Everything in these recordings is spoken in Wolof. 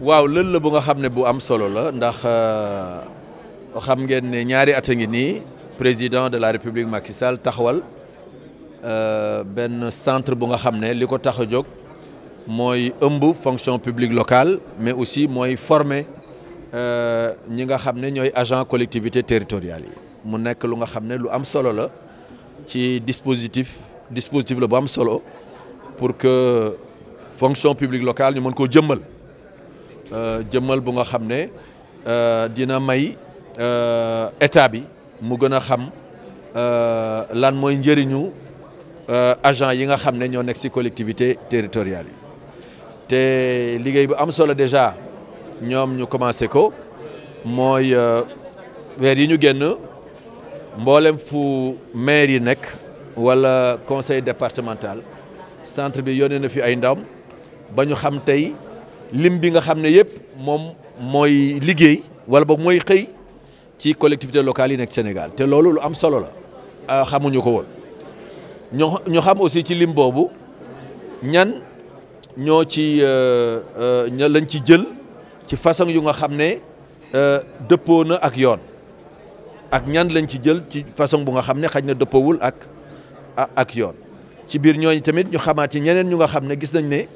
waaw lël la bu nga xam ne bu am solo la ndax euh, xam ngeen ne ñaari at ngi nii président de la république Macky Sall taxawal euh, benn centre bu nga xam ne li ko tax a jóg mooy ëmb fonction publique locale mais aussi mooy former euh, ñi nga xam ne ñooy agent collectivité territoriale yi mu nekk lu nga xam ne lu am solo la ci dispositif dispositif la bu am solo pour que fonction publique locale ñu mën koo jëmmal euh, jëmmal bu nga xamné euh dina may euh, état bi mu gëna xam euh lan ñëriñu euh agent yi nga xamné ñoo nekk ci collectivité territoriale té te bu am solo déjà ñom ñu commencé ko moy, euh, weer yi ñu genn mboolem fu maire yi nekk wala conseil départemental centre bi yónnee na fi ay ndam bañu xam tay lim bi nga xam ne yëpp moom mooy liggéey wala ba mooy xëy ci collectivité locale yi nekk Sénégal te loolu lu am solo la euh, xamuñu ko woon ñoo ñu xam aussi ci lim boobu ñan ñoo ci euh, euh, ña lañ ci jël ci façon yu nga xam ne dëppoo na ak yoon ak ñan lañ ci jël ci façon bu nga xam ne xaj na dëppoowul ak ak yoon ci biir ñooñu tamit ñu xamaat ci ñeneen ñu nga xam ne gis nañ ne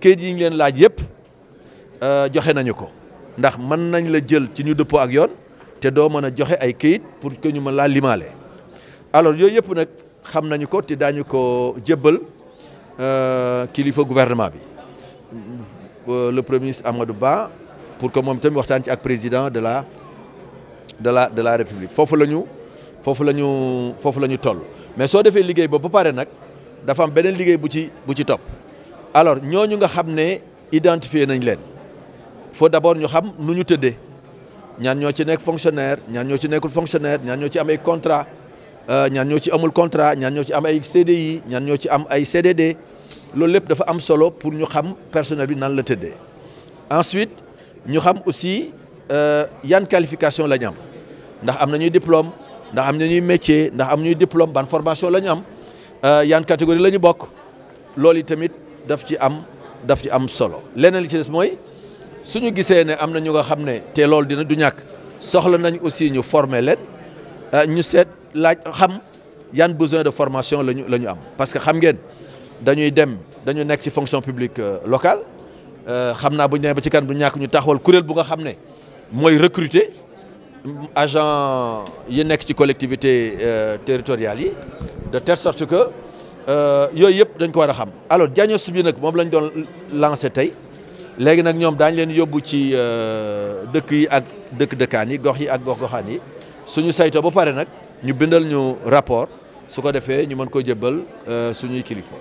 kayit yi ñu leen laaj yëpp Euh, joxé nañu ko ndax man nañ la jël ci ñu dëppoo ak yoon té do mëna joxé ay keuyit pour que ñu mën laa limaale alors yooyu yëpp nag xam nañu ko te dañu ko euh kilifa gouvernement bi euh, le premier ministre Amadou Ba pour que mom tamit waxtan ci ak président de la de la de la république fofu lañu fofu lañu fofu lañu toll mais so défé liggéey boobu ba pare nag dafa am benen liggéey bu ci bu ci top alors ñoñu nga xamné identifier nañ leen faut d'abord ñu xam nu ñu tëddee ñaan ñoo ci nekk fonctionnaire ñaan ñoo ci nekkul fonctionnaire ñaan ñoo ci am ay contrat euh, ñaan ñoo ci amul contrat ñaan ñoo ci am ay CDI ñaan ñoo ci am ay CDD loolu lépp dafa am solo pour ñu xam personnel bi nan la tëddee ensuite ñu xam aussi euh, yan qualification la ñu am ndax am nañuy diplôme ndax am nañuy métier ndax am ñuy diplôme ban formation la ñu am euh, yan catégorie la ñu bokk loolu tamit daf ci am daf ci am solo leneen li ci des mooy suñu gisee ne am na ñu nga xamné té lool dina du ñak soxla nañ aussi ñu former leen euh, ñu sét laaj xam yane besoin de formation lañu lañu am parce que xam ngeen dañuy dem dañu nekk ci fonction publique euh, locale euh xamna buñu ñu demee ba ci kan du ñak ñu taxawal kurel bu nga xamné moy recruter agent yi nekk ci collectivité euh, territoriales yi de telle sorte que euh yoy yep dañ ko wara xam alors diagnostic bi nak mom lañ doon lancer tay léegi nag ñoom daañ leen yóbbu ci euh, dëkk yi ak dëkk dëkkaan yi gox yi ak gox goxaan yi suñu sayto ba pare nag ñu bindal ñu rapport su ko defee ñu mën ko jébbal euh, suñuy kilifa.